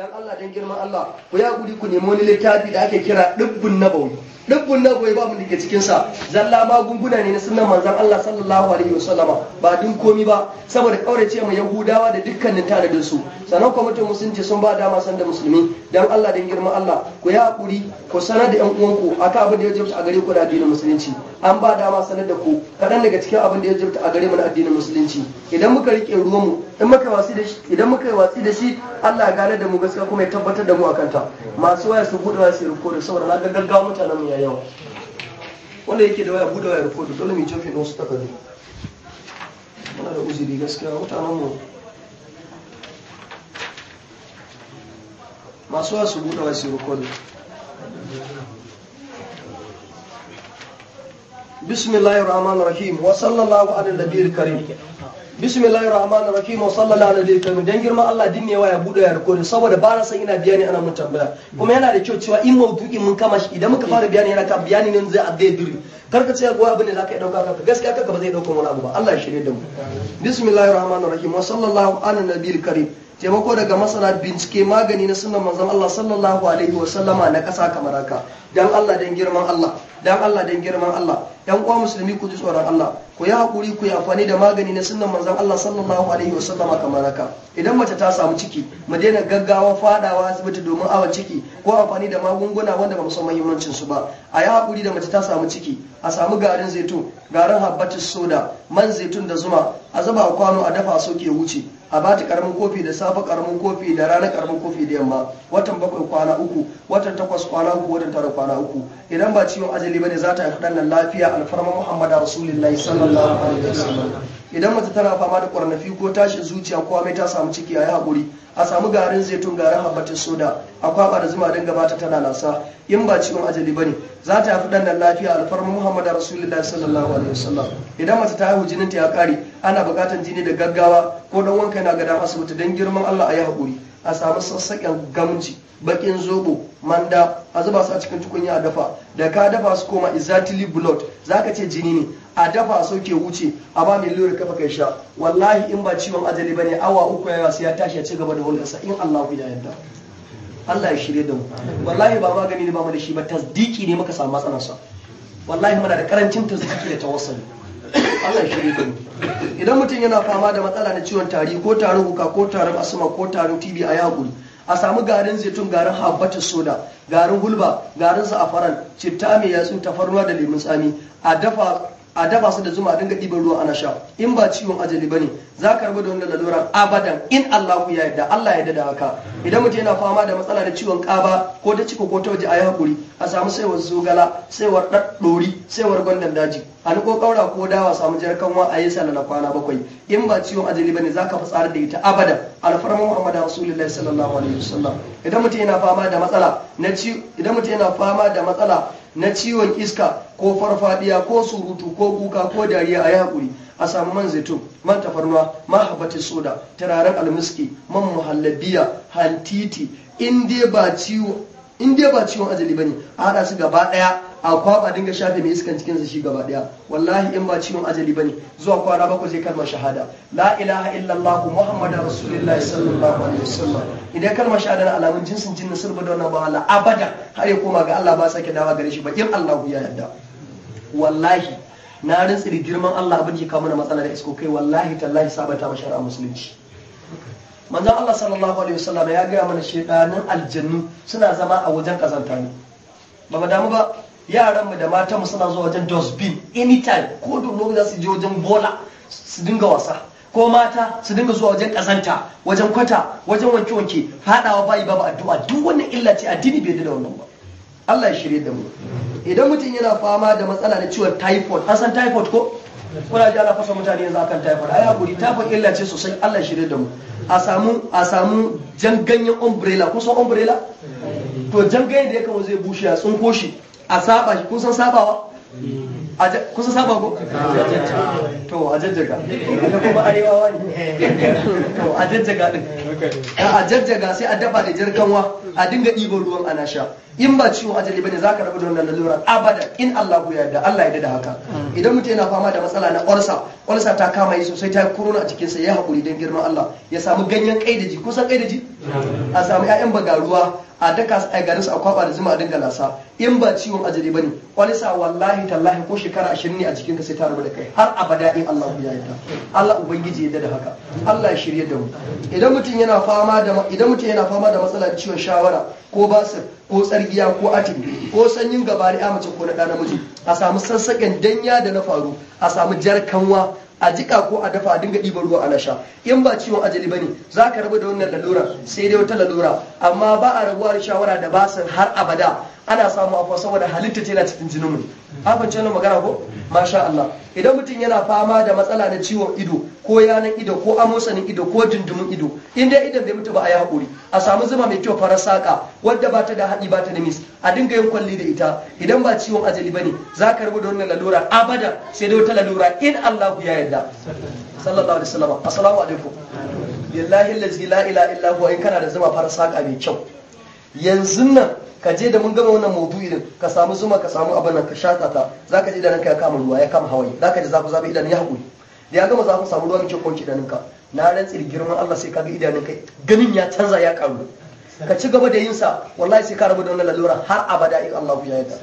dan Allah dan girman Allah ku ya guri ku nemi wani littafi da ake kira dubbun nabawi dubbun nabawi ba mu dake cikin sa zalla magunguna ne na sunnan manzon Allah sallallahu alaihi wasallama ba dun komi ba saboda kaurace ma yahudawa da dukkanin tanadin su sannan kwamitin musulunci sun ba dama sanda musulmi dan Allah dan girman Allah ku yi hakuri ku sanar da yan uwanku akan abin da ya jibta a gare ku da addinin musulunci an ba dama sanar da ku kaɗan daga cikin abin da ya jibta a gare mu na addinin musulunci idan muka rike ruwan mu muka da shi idan muka yi watsi da shi Allah ya gane da mu gaskiya kuma ya tabbatar da mu akan ta masu waya su buɗe waya su rikodo saboda na gaggawa mutanen mu ya yawa wanda yake da waya buɗe waya rikodo dole mu yi jofin wasu takardu muna da uzuri gaskiya mutanen mu masu wasu buɗe wasu rukuni bismillahir rahmanir rahim wa sallallahu ala nabiyil karim bismillahir rahmanir rahim wa sallallahu ala biyar karim dan girma Allah din ne ya buɗe ya rukuni saboda ba na san ina biyani ana mun tambaya kuma yana da kyau cewa in maudu'i mun kama shi idan muka fara biyani yana kan bayani ne zai abdai diri karka ce gowa abin da zaka yi dauka kanka gaskiya kanka ba zai dauka wani abu ba Allah ya shirye da mu bismillahir rahmanir rahim wa sallallahu ala nabiyil karim taimako daga masana bincike magani na sunan manzon Allah sallallahu alaihi wa sallama na kasa kamar haka dan Allah dan girman Allah dan Allah dan girman Allah yan uwa musulmi ku ji tsoron Allah ku yi hakuri ku yi amfani da magani na sunan manzon Allah sallallahu alaihi wa sallama kamar haka idan mace ta samu ciki mu daina gaggawa fadawa asibiti domin awa ciki ko amfani da magunguna wanda ba mu san muhimmancin su ba a yi hakuri da mace ta samu ciki a samu garin zaitun garin habbatus soda man zaitun da zuma a zuba kwano a dafa soke wuce a ba ta karamin kofi da safe karamin kofi da rana karamin kofi da yamma watan bakwai kwana uku watan takwas kwana uku watan tara kwana uku idan ba ciwon ajali bane za ta haifi nan lafiya alfarma muhammadu rasulullahi sallallahu alaihi wasallam idan mace tana fama da kwarnafi ko tashin zuciya ko mai ta samu ciki a yi haƙuri a samu garin zaitun garin habbatin soda a kwaba da zuma don gabata tana lasa in ba ciwon ajali bane za ta haifi ɗan nan lafiya alfarma muhammadu rasulullahi sallallahu alaihi wasallam idan mace ta haihu jininta ya kare ana bukatar jini da gaggawa ko don wanka yana gadan asibiti dan girman Allah a yi haƙuri a samu sassaƙen gamji bakin zobo manda a zuba su a cikin tukunya a dafa da ka dafa su koma exactly blood zaka ce jini ne a dafa a sauke wuce a ba mai lura kafa kai sha wallahi in ba ciwon ajali bane awa uku ya sai ya tashi ya ci gaba da hulɗarsa in Allah ya yarda Allah ya shirye da mu wallahi ba magani ne ba mu da shi ba tasdiki ne muka samu matsalarsa wallahi muna da karancin tasdiki da tawassuli Allah shi ne idan mutum yana fama da matsala na ciwon tari ko tarin huka ko tarin asuma ko tarin TB a yaƙuri a samu garin zaitun garin habbatus soda garin hulba garin za'afaran citta mai yatsu tafarnuwa da lemun tsami a dafa a dafa su da zuma a dinga ɗiban ruwa ana sha in ba ciwon ajali ba ne za ka rabu da wannan laluran abadan in allahu ya yarda Allah ya da haka idan mutum yana fama da matsala da ciwon ƙaba ko ta ciko ko ta waje a yi haƙuri a samu saiwar zogala saiwar ɗaɗɗori saiwar gwandan daji a ko ƙaura ko dawa samu jar kanwa a yi sallah na kwana bakwai in ba ciwon ajali ba ne za ka fi tsara da ita abadan alfarma Muhammad Rasulullahi sallallahu alaihi wasallam idan yana fama da matsala idan mutum yana fama da matsala na ciwon iska ko farfadiya ko surutu ko kuka ko dariya a yi hakuri, a samu man zaitun man tafarnuwa mahabbati soda turaren almiski man muhallabiya hantiti in ba ciwon ajali ne a haɗa su gaba ɗaya a kwaba dinga shafe mai iskan cikin shi gaba daya wallahi in ba ciwon ajali bane zuwa kwana bako zai kalmar shahada la ilaha illallah muhammadu rasulullahi sallallahu alaihi wasallam idan kalmar shahada na alamun jinsin jinnin sulba da wannan ba Allah abada har ya koma ga Allah ba sake dawa gare shi ba in Allah ya yarda wallahi na rantsi da girman Allah abin da ya kawo mana matsala da isko kai wallahi tallahi sabata ma shari'a musulunci manzon Allah sallallahu alaihi wasallam ya gaya mana shedanin aljannu suna zama a wajen kazanta ba ba damu ba Yaran mu da mata mu suna zuwa wajen dustbin anytime ko duk za su je wajen bola su dinga wasa ko mata su dinga zuwa wajen kasanta, wajen kwata wajen wanke wanke fadawa bayi babu addu'a duk wannan illa ce addini bai da wannan ba Allah ya shirye da mu idan mutum yana fama da matsala na ciwon typhoid an san typhoid ko kuna ji ana fasa mutane yanzu akan typhoid ai hakuri typhoid illa ce sosai Allah ya shirye da mu a samu a samu jan ganyen umbrella ko san umbrella to jan da ya kama zai bushe a tsunko shi a saba shi kusan sabawa kusan saba ko to a jajjaga da kuma arewa ne to a jajjaga din a jajjaga sai a dafa da jarkanwa a dinga ɗiban ruwan ana sha in ba ciwon ajali bane zaka rabu da wannan lalura abada in Allah ya yarda Allah ya yarda haka idan mutum yana fama da matsala na ƙwarsa, ƙwarsa ta kama yi sosai ta kuruna a cikin sa ya hakuri dan girman Allah ya samu ganyen ji kusan ji a samu ƴaƴan bagaruwa a daka a garin su a kwaba da zuma a dinga lasa in ba ciwon ajali bane olsa wallahi tallahi ko shekara 20 ne a cikin ka sai ta rabu da kai har abada in Allah ya yarda Allah ubangiji ya yarda da haka Allah ya shirye da mu idan mutum yana fama da idan mutum yana fama da matsalar ciwon shawara ko basir ko tsargiya ko atin ko sanyin gabari a mace ko na ɗa namiji a samu sassaƙen danya da na faru a samu jar kanwa a jika ko a dafa a dinga ɗiban ruwa ana sha in ba ciwon ajali bane za ka rabu da wannan lalura sai dai wata lalura amma ba a rabuwa da shawara da basir har abada ana samu afuwa saboda halitta ce na cikin jininmu abinci na magana ko masha Allah idan mutum yana fama da matsala na ciwon ido ko yanan ido ko amosanin ido ko dindimin ido in dai idan bai mutu ba a yi hakuri a samu zuma mai kyau farar saka wadda ba ta da haɗi ba ta da mis a dinga yin kwalli da ita idan ba ciwon ajali ba ne za ka rubuta wannan lalura abada sai dai wata lalura in Allah ya yarda sallallahu alaihi wasallam assalamu alaikum lillahi allazi la ilaha illa huwa in kana da zuma farar saka mai kyau yanzu nan ka je da mun gama wannan maudu'i din ka samu zuma ka samu abin nan ka za zaka ji idanunka ya kama ruwa ya kama hawaye zaka ji zafi zafi idanun ya haƙuri da ya gama zafin samu ruwa ce idanun idanunka na rantsi da girman Allah sai ka ga idanun ka ganin ya canza ya karu ka ci gaba da yin sa wallahi sai ka rabu da wannan lalura har abada in Allah ya yarda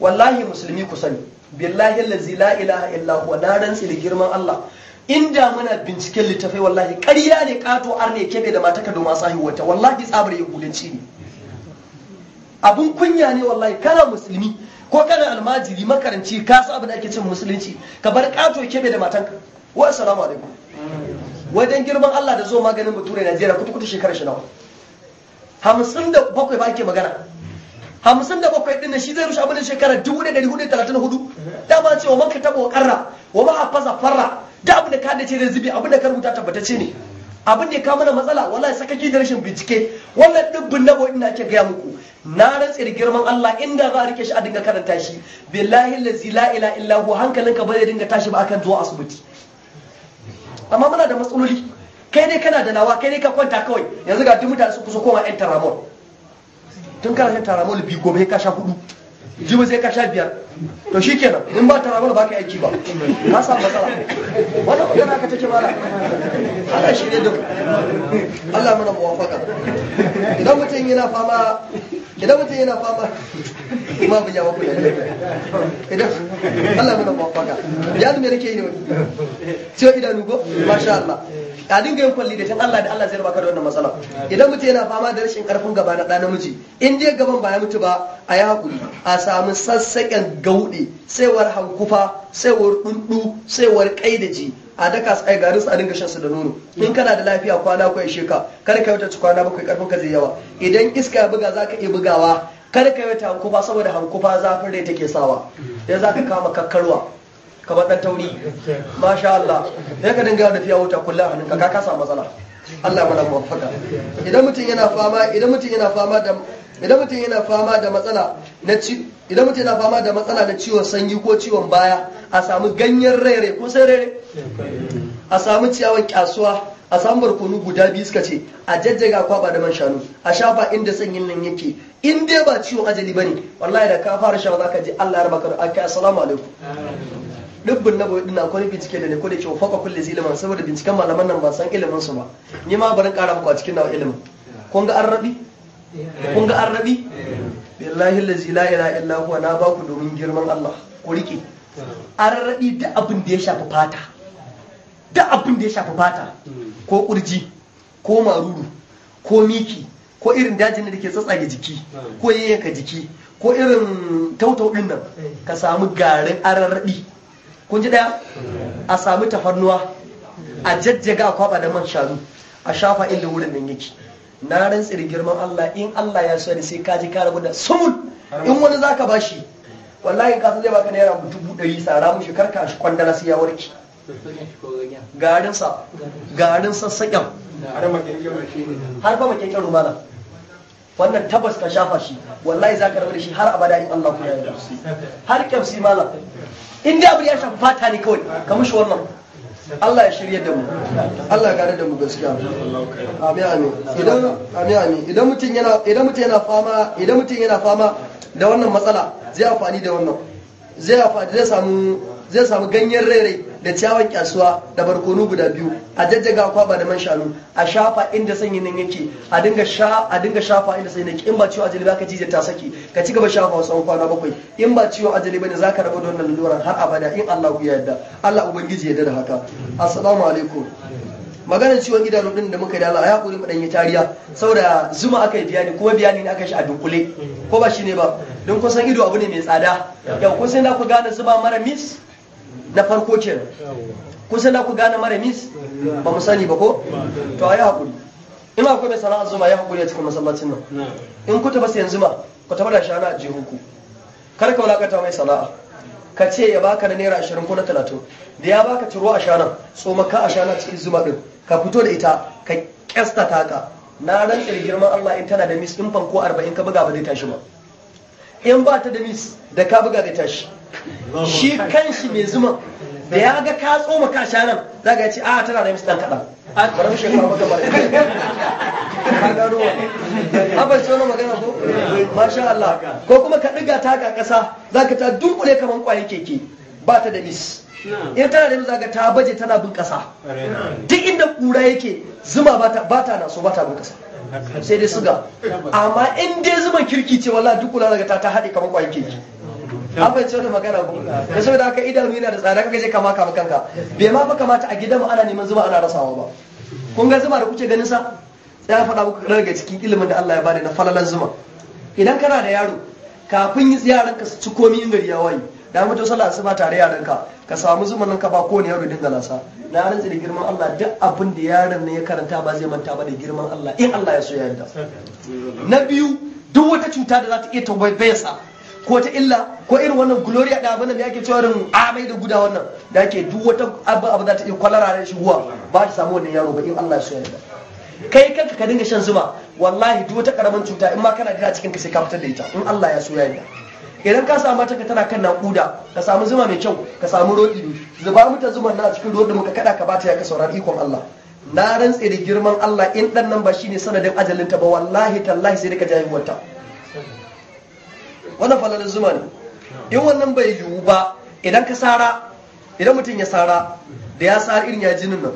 wallahi musulmi ku sani billahi allazi la ilaha illa huwa na rantsi da girman Allah inda muna binciken littafai wallahi ƙarya ne ƙato arne kebe da mataka domin sahiwata wallahi tsabar ya kulanci ne abun kunya ne wallahi kana musulmi ko kana almajiri makaranci ka san abin da ake cin musulunci ka bar kato kebe da matanka wa assalamu alaikum wajen girman Allah da zo maganin bature Najeriya kutu kutu shekara shi nawa hamsin da bakwai ba ake magana hamsin da bakwai din shi zai rushe abin da shekara dubu da dari hudu talatin da hudu dama ce wa man ka wa karra wa ma fasa farra da abin da ka da ce zubi abin da ka rubuta tabbatace ne abin da ya kawo mana matsala wallahi sakaki da rashin bincike wannan dubbin nabo ina ce gaya muku na rantse da girman Allah inda za a rike shi a dinga karanta shi billahi allazi la ilaha illa hu hankalinka ba zai dinga tashi ba akan zuwa asibiti amma muna da matsaloli kai ne kana da nawa kai ne ka kwanta kawai yanzu ga duk mutane su kusa koma yan taramol tun kana taramol bi gobe ka sha hudu jibi sai kasha biyar to shi kenan in ba ta rabar ba ka aiki ba ka sa matsala wannan magana ka take mara Allah shi ne duk Allah mana muwafaka idan mutum yana fama idan mutum yana fama ma bu jawo ku idan Allah mana muwafaka ya me nake yi ne ciwo idanu go masha Allah A dinga yin kwalli da shan Allah da Allah zai da wannan matsala idan mutum yana fama da rashin karfin gaba na ɗan namiji in dai gaban ba ya mutu ba a yi hakuri a samu sassaƙen gauɗe saiwar hankufa saiwar ɗunɗu saiwar ƙaidaji a daka su ai garin su a dinga shan su da nono in kana da lafiya kwana ko ishe ka kar ka wata kwana bakwai karfin ka zai yawa idan iska ya buga za ka iya bugawa kar ka wata hankufa saboda hankufa zafin rai take sawa za ka kama kakkarwa kamar dan tauri masha Allah sai ka dinga da fiya wuta kullum hannun hannunka ka kasa matsala Allah mana muwaffaka idan mutum yana fama idan mutum yana fama da idan mutum yana fama da matsala na ci idan mutum yana fama da matsala na ciwon sanyi ko ciwon baya a samu ganyen rere ko sai rere a samu ciyawan kyasuwa a samu barkonu guda biyu suka ce a jajjaga kwaba da man shanu a shafa inda sanyin nan yake in dai ba ciwon ajali bane wallahi da ka fara shan ka ji Allah ya rabaka da aka assalamu alaikum dubbin na boye dinnan akwai bincike da ne ko da yake faka kulli ziliman saboda binciken malaman nan ba san ilimin su ba ni ma barin ƙara muku a cikin nawa ilimin kun ga arrabi kun ga arrabi billahi la ilaha illa huwa na ba ku domin girman Allah ku rike arrabi da abin da ya shafa fata da abin da ya shafi fata ko kurji ko maruru ko miki ko irin dajin da ke tsatsa tsatsage jiki ko yayyanka jiki ko irin tautau din nan ka samu garin ararrabi kun ji daya a sami tafarnuwa a jajjaga a kwaba da man shanu a shafa inda wurin nan yake na rantsir girman Allah in Allah ya sani sai ka ji ka rabu da sumul in wani zaka bashi wallahi ka san zai baka naira dubu ɗari tsara mushi karka shi kwandala sai ya warke garin sa garin sassaƙen har ba makenkin rumana wannan tabbas ka shafa shi wallahi zaka rabu da shi har abada in Allah ku yi har kyamsi malam in dai abu ya shafi fata ne kawai kamar shi wannan Allah ya shirya da mu Allah ya gare da mu gaskiya amin amin idan amin amin idan mutum yana idan mutum yana fama idan mutum yana fama da wannan matsala zai amfani da wannan zai amfani zai samu zai samu ganyen rairai da ciyawan kyasuwa da barkonu guda biyu a jajjaga kwaba da man shanu a shafa inda sanyin nan yake a dinga sha a dinga shafa inda sanyin nake in ba ciwo ajali ba ka jije ta saki ka ci gaba shafa wasu an kwana bakwai in ba ciwon ajali za zaka raba da wannan laluran har abada in Allah ya yarda Allah ubangiji ya yarda haka assalamu alaikum maganar ciwon idanu din da muka yi Allah ya kuri mu yi tariya saboda zuma aka yi biyani kuma biyani ne aka shi a dunkule ko ba shine ba don kusan ido abu ne mai tsada yau kun da ku gane zuba mara miss na farko kenan kusa na ku gane mara mis ba mu sani ba ko to a yi haƙuri in akwai mai sana'a zuma ya haƙuri a cikin masallacin nan in ku taɓa yanzu ma ku taɓa da shana a ku. kar ka wulakanta mai sana'a ka ce ya baka na naira ashirin ko na talatin da ya baka turo a shana ka a shana cikin zuma ɗin ka fito da ita ka ta taka na rantsar girman Allah in tana da mis in fanko arba'in ka buga ba zai tashi ba in ba ta da mis da ka buga zai tashi shi kan shi mai zuma da ya ga ka tsoma ka sha nan za ga ce a ah, tana da misalin kaɗan a ah, bari shi kuma maka bari ka gano abin ce wani magana ko masha Allah ko kuma ka ɗiga ta ga ƙasa za ka ta dunkule kamar ƙwayar keke ba ta da mis in tana da mis za ka ta baje tana bin ƙasa duk inda ƙura yake zuma ba ta na so ba ta bin ƙasa sai dai suga amma in dai zuman kirki ce wala duk kula daga ta ta haɗe kamar ƙwayar keke an bai cewa magana ko da saboda haka idanu yana da tsada kaga je kama kama kanka bai ma fa kamata a gidanmu ana neman zuba ana rasawa ba kun ga zuma da kuke ganin sa sai ya faɗa muku daga cikin ilimin da Allah ya bani na falalan zuma idan kana da yaro kafin ka su ci komi in gari ya waye da mutum sallah asuba tare yaran ka samu zuman nan ka ba kowane yaro dinga lasa na rantsi da girman Allah duk abin da yaron ne ya karanta ba zai manta ba da girman Allah in Allah ya so ya yarda na biyu duk wata cuta da za ta iya tabbayar sa ko ta illa ko irin wannan gloria da abin da me ake cewa amai da guda wannan da ake duk wata abu abu za ta iya kwalara da shiguwa ba ta samu wannan yaro ba in Allah ya so yarda kai kanka ka dinga shan zuma wallahi duk wata karamin cuta in ma kana jira cikin ka sai ka fitar da ita in Allah ya so yarda idan ka samu ka tana kan nakuda ka samu zuma mai kyau ka samu roƙi, zuba mata zuman na cikin roɗi muka kada ka bata ya ka saurari ikon Allah na rantse da girman Allah in dan nan ba shine sanadin ajalin ta ba wallahi tallahi sai da ka jayi wata wannan falalin zuma ne in wannan bai yiwu ba idan ka sara idan mutum ya sara da ya sa irin ya jinin nan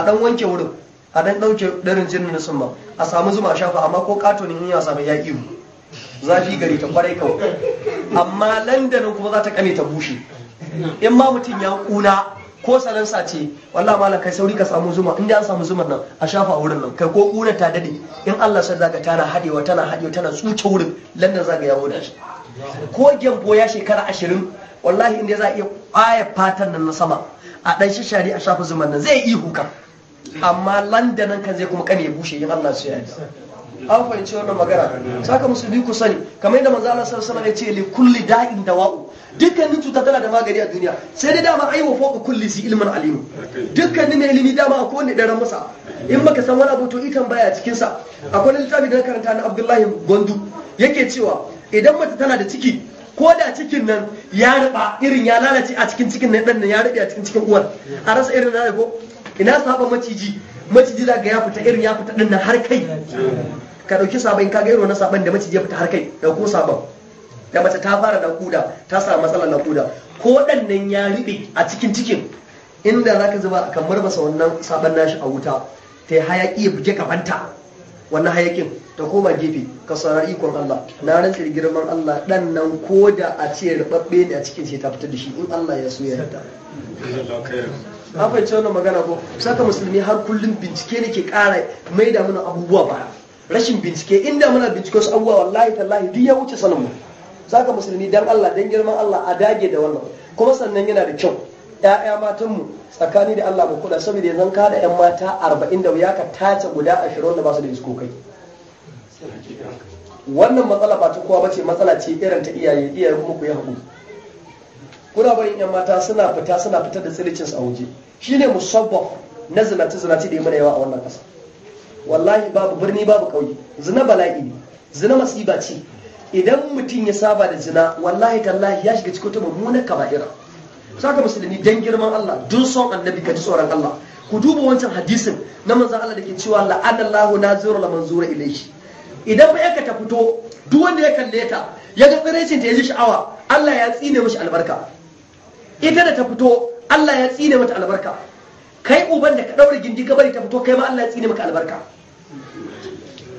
a dan wanke wurin a dan dauke darin jinin nan summa a samu zuma shafa amma ko kato ne in ya samu ya za zafi gari ta kwarai kawai amma landanin kuma za ta kame ta bushe in ma mutum ya kuna ko salansa ce wallah malam kai sauri ka samu zuma in an samu zuman nan a shafa a wurin nan kai ko kuna ta dade in Allah sai zaka tana hadewa tana hadewa tana tsuce wurin landan zaka yawo da shi ko gyambo ya shekara ashirin wallahi inda za a iya ƙwaya fatan nan na sama a ɗan shishari a shafa zuman nan zai ihu kan amma landanan kan zai kuma kan ya bushe yin allah su ya yi an fahimci wannan magana saka musulmi ku sani kamar yadda manzo Allah sallallahu alaihi wasallam ya ce li kulli da'in dawa'u dukkanin cuta tana da magani a duniya sai dai dama wa fawqa kulli si ilmin alimu dukkanin mai ilimi dama akwai wanda daren masa in baka san wani abu to ikan baya cikin sa akwai littafi da karanta na Abdullahi Gondu yake cewa idan mace tana da ciki ko da cikin nan ya ruba irin ya lalace a cikin cikin nan ɗan ya rubi a cikin cikin uwar a rasa irin na ko ina saba maciji maciji za ga ya fita irin ya fita ɗin nan har kai ka ɗauki sabon ka ga irin na sabon da maciji ya fita har kai ɗauko sabon da mace ta fara kuda ta samu matsalar kuda ko ɗan nan ya rubi a cikin cikin inda za ka zuba a kan marmasa wannan sabon nashi a wuta ta yi hayaƙi ya buge kafanta wannan hayaƙin ta koma gefe ka saurari ikon Allah na rantsi girman Allah dan nan ko da a ce rubabbe ne a cikin shi ta fitar da shi in Allah ya so ya yarda na wannan magana ko saka musulmi har kullum bincike ne ke kara mai da mana abubuwa ba rashin bincike inda muna bincike su abubuwa wallahi tallahi duk ya wuce sanin mu saka musulmi dan Allah dan girman Allah a dage da wannan kuma sannan yana da kyau ‘ya'ya matanmu tsakani da Allah ba kula saboda yanzu ka da ‘yan mata arba'in da ya ka tace guda ashirin da ba su da iskokai. kai wannan matsala ba ta kowa bace matsala ce irin ta iyaye iyaye kuma ku yi hakuri kuna barin yan mata suna fita suna fitar da su a waje Shi shine musabbab na zinaci zinaci da ya mana yawa a wannan ƙasa wallahi babu birni babu ƙauye zina bala'i ne zina masiba ce idan mutum ya saba da zina wallahi tallahi ya shiga cikin mummunan mummunar kaba'ira saka musulmi dan girman Allah dun son annabi ka ji tsoron Allah ku duba wancan hadisin na manzon Allah da ke cewa la'anallahu nazirul manzura ilayhi idan ba yanka ta fito duk wanda ya kalle ta ya ga tsiraicin ta ya ji sha'awa Allah ya tsine mishi albarka ita da ta fito Allah ya tsine mata albarka kai uban da ka daure gindi bari ta fito kai ma Allah ya tsine maka albarka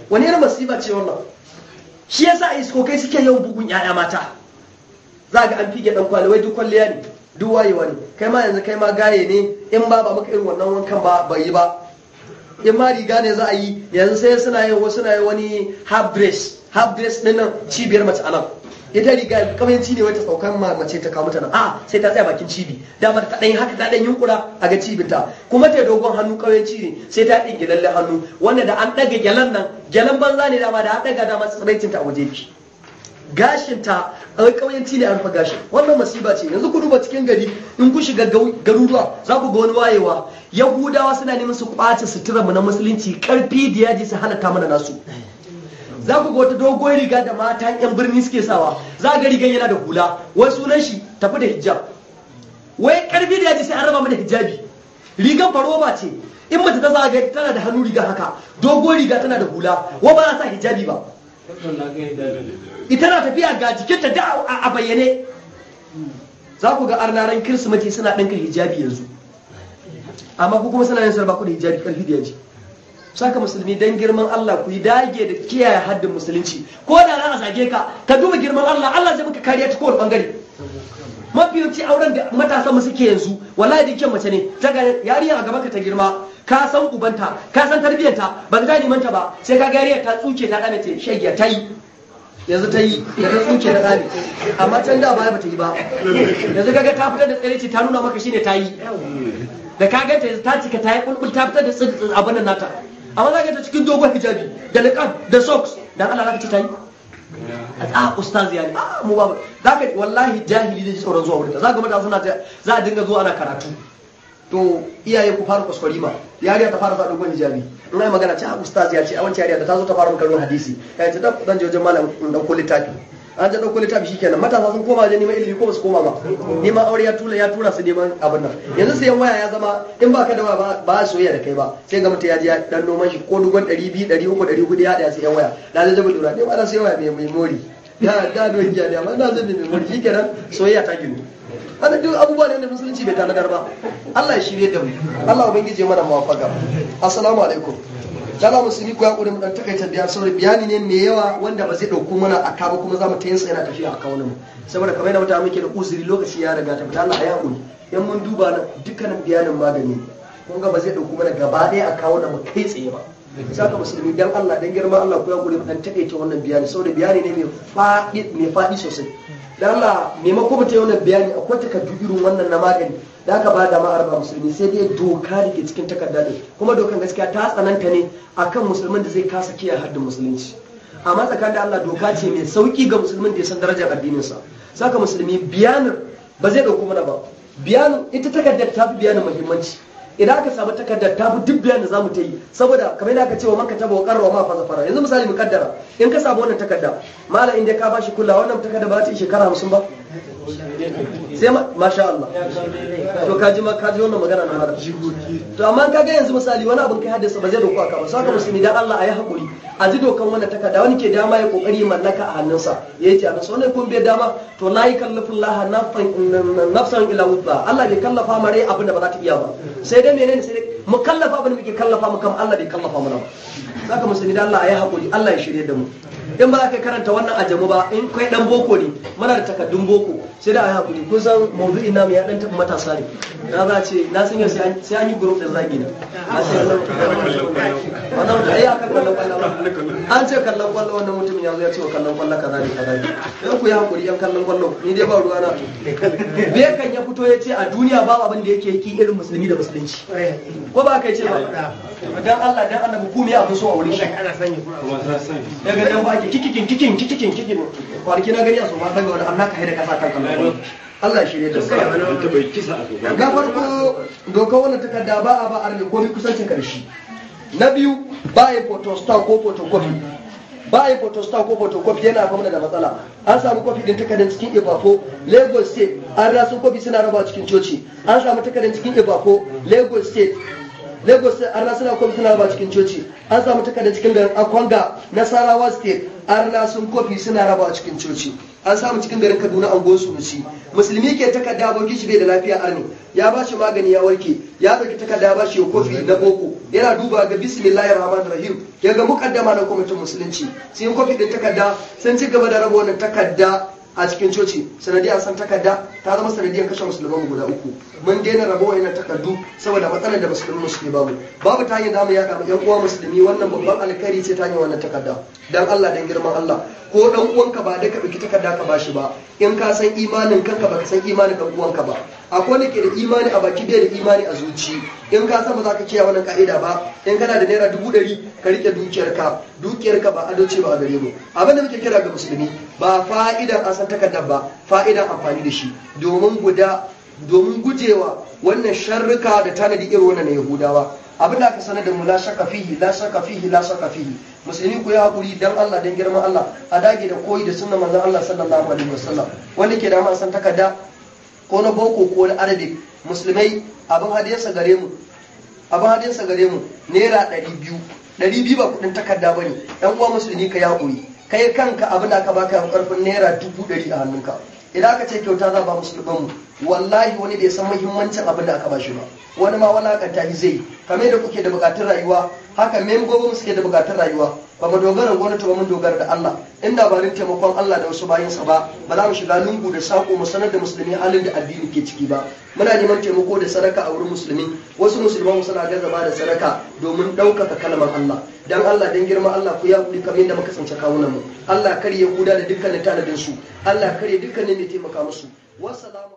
wani irin masifa ce wannan shi yasa kai suke yawan bugun 'ya'ya mata za ga an fige dan wai duk kwalliya ne duk wayewa ne kai ma yanzu kai ma gaye ne in ba ba maka irin wannan wankan ba bai yi ba in ma riga ne za a yi yanzu sai suna yi wasu na wani habres habres nan cibiyar mace anan ita riga kamanci ne wata saukan mace ta kawo ta a sai ta tsaya bakin cibi dama ta dan haka ta dan yunkura a ga cibinta kuma ta dogon hannu kawanci ne sai ta dinga lalle hannu wanda da an ɗaga gyalan nan gyalan banza ne dama da an ɗaga dama tsiraitin ta a waje ki gashinta a ƙauyenci ne an fa gashin wannan masiba ce yanzu ku duba cikin gari in ku shiga garuruwa za ku ga wani wayewa yahudawa suna neman su kwace suturar mu na musulunci karfi da yaji su halatta mana nasu za ku ga wata dogon riga da mata yan birni suke sawa za ga rigan yana da hula wai sunan shi tafi da hijab wai karfi da yaji sai an raba mana hijabi rigan ba ce in mace ta za ga tana da hannu riga haka dogon riga tana da hula wa ba za sa hijabi ba ita na tafiya ga jikinta da a bayyane za ku ga arnaran kirsimati suna ɗinka hijabi yanzu amma ku kuma suna yin sarba ku da hijabi karfi da yaji saka musulmi don girman Allah ku yi dage da kiyaye haddin musulunci ko da za a zage ka ka duba girman Allah Allah zai maka kariya ta kowane bangare mafiyanci auren da matasan mu suke yanzu wallahi da kyan mace ne ta ga yarinya a gaba ka ta girma ka san ubanta ka san tarbiyyarta ba ka gane manta ba sai ka gari ta tsuke ta dame ce shayya ta yi yanzu ta yi da ta tsuke ta dame amma can da ya bata yi ba yanzu ga ta fitar da tsare ce ta nuna maka shine ta yi da ka ganta yanzu ta cika ta yi kulkul ta fitar da tsare abin nan nata amma za ka ta cikin dogon hijabi da liƙan da socks dan Allah za ka ce ta yi a ustaz ya ne a mu ba za ka wallahi jahili da ji sauran zuwa wurin za ka mata suna za a dinga zuwa ana karatu to iyaye ku fara kwaskwarima yariya ta fara sa dogon hijabi in ai magana ce a ustaz ya ce a wancan yariya ta zo ta fara makarin hadisi ya ce dan je wajen malam in dauko littafi an ta dauko littafi shikenan matasa sun koma wajen neman ilimi ko ba su koma ba neman aure ya tura ya tura su neman abin nan yanzu sayan waya ya zama in ba ka da ba a soyayya da kai ba sai ga mutum ya je dan noman shi ko ɗari 200 ɗari 400 ya da sayan waya da zai jabu dura ne ba da sayan waya mai mori da da don ya ne amma na zai mai mori shikenan soyayya ta ginu ana duk abubuwa ne wanda musulunci bai tanadar ba Allah ya shirye da mu Allah ubangije mana muwafaka assalamu alaikum Kana musulmi ko ya kudin mu dan takaita biya saboda bayani ne mai yawa wanda ba zai dauko mana a ba kuma za mu ta yin sa yana tafiya a kawunan mu saboda kamar yadda mutane muke da uzuri lokaci ya riga ta fita Allah ya hakuri yan mun duba na dukkanin bayanin magani kun ga ba zai dauko mana gaba ɗaya a kawunan mu kai tsaye ba saka musulmi dan Allah dan girma Allah ko ya kudin mu dan takaita wannan bayani saboda bayani ne mai faɗi mai faɗi sosai da Allah maimako ba ta yi a bayani akwai takardu irin wannan na magani da aka ba da arba musulmi sai dai doka da ke cikin takarda ne kuma dokan gaskiya ta tsananta ne akan musulmin da zai kasa kiyaye haddin musulunci amma tsakanin da Allah doka ce mai sauki ga musulmin da ya san darajar addininsa saka musulmi bayanin ba zai dauko mana ba bayanin ita takardar ta fi biyanin muhimmanci idan aka samu takardar ta fi duk biyan da za mu ta yi saboda kamar yadda aka ce wa man kataba wa qarra ma fasa fara yanzu misali mu kaddara in ka samu wannan takarda mala da dai ka bashi kula wannan takarda ba ta yi shekara 50 ba sai masha Allah to kaji ma kaji wannan magana na mara to amma kaga yanzu misali wani abin kai haddasa ba zai doku aka ba saka musulmi dan Allah ayi hakuri a ji dokan wannan takarda wani ke dama ya kokari mallaka a hannunsa yayi ce a nasa wannan kun bai dama to la yakallafullahu nafsan nafsan ila wudda Allah bai kallafa mare abin da ba za ta iya ba sai dai menene sai mu kallafa abin da muke kallafa mu kam Allah bai kallafa mu ba saka musulmi dan Allah ayi hakuri Allah ya shirye da mu in ba za ka karanta wannan a jamu ba in kai dan boko ne muna da takaddun boko sai da yi hakuri kun san mawdu'in namu ya dan taɓa matasa ne na za ce na san yau sai an yi group din zagi na wannan eh, an ce kallon kwallo wannan mutumin ya zo ya ce wa kallon kwallo kaza ne kaza ne ku yi hakuri yan kallon kwallo ni dai ba ruwa na me kan ya fito ya ce a duniya ba abin da yake yaki irin musulmi da musulunci ko ba ka ce ba dan Allah dan annabi ku me abin so a wurin shi daga dan ba ake kikikin kikin kikikin kikin kwanaki na gani a suma kan wani Allah ka haida kasa kan kalmar Allah shi ne da sai wani ta bai kisa a na farko doka wanda ta kadda ba a ba a ko mi kusancin karshe na biyu ba a yi photostar ko photocopy ba a yi photostar ko photocopy yana gwamna da matsala an samu kofi din takardar cikin ibafo lagos state an rasu kofi suna raba cikin coci an samu takardar cikin ibafo lagos state lagos arna suna kofi suna raba cikin coci an samu takarda cikin garin akwanga nasarawa state arna sun kofi suna raba cikin coci an samu cikin garin kaduna an su. musi musulmi ke takarda abokin shi bai da lafiya arni ya ba shi magani ya warke ya ɗauki takarda ya ba shi kofi na boko yana duba ga bismillahir rahmanir rahim ya ga mukaddama na kwamitin musulunci sun kofi din takarda sun ci gaba da raba wannan takarda a cikin coci sanadiyar san takarda ta zama sanadiyar kashe musulman guda uku mun daina rabo wa'annan takardu saboda matsalar da musulmi musulmi babu babu ta hanyar zamu yaɗa yan uwa musulmi wannan babban alkhairi ce ta yi wannan takarda dan Allah dan girman Allah ko dan uwanka ba da ka biki takarda ka bashi ba in ka san imanin kanka ba ka san imanin dan uwanka ba akwai wanda ke da imani a baki bai da imani a zuci in ka san za ka kiyaye wannan ka'ida ba in kana da naira dubu ɗari ka rike dukiyarka dukiyarka ba ado ce ba gare mu abin da muke kira ga musulmi ba fa'idan asan takardar ba fa'idan amfani da shi domin guda domin gujewa wannan sharruka da tanadi irin wannan na yahudawa abin da aka sanar da mu la shakka fihi la shakka fihi la shakka fihi musulmi ku ya hakuri dan Allah dan girman Allah a dage da koyi da sunnar manzon Allah sallallahu alaihi wasallam wanda ke da ma san takarda ko na boko ko na arabic musulmai abin hadisa gare mu abin hadisa gare mu naira ɗari biyu ɗari biyu ba kuɗin takarda ba ne ɗan uwa musulmi ka ya ƙuri kai kanka abin da aka baka ya ƙarfin naira dubu ɗari a hannunka idan aka ce kyauta za ba musulmanmu wallahi wani bai san muhimmancin abin da aka ba shi ba wani ma walakanta shi zai kamar yadda kuke da bukatun rayuwa haka membobin suke da bukatun rayuwa ba mu dogara gwamnati ba mun dogara da Allah in da barin taimakon Allah da wasu bayansa ba ba za mu shiga lungu da sako mu sanar da musulmi halin da addini ke ciki ba muna neman taimako da sadaka a wurin musulmi wasu musulman suna jarraba da sadaka domin ɗaukaka kalmar Allah dan Allah dan girma Allah ku ya kudi kamar yadda muka tsanci kawunan mu Allah kar ya huda da dukkanin tanadin su Allah kar ya dukkanin mai taimaka musu wassalamu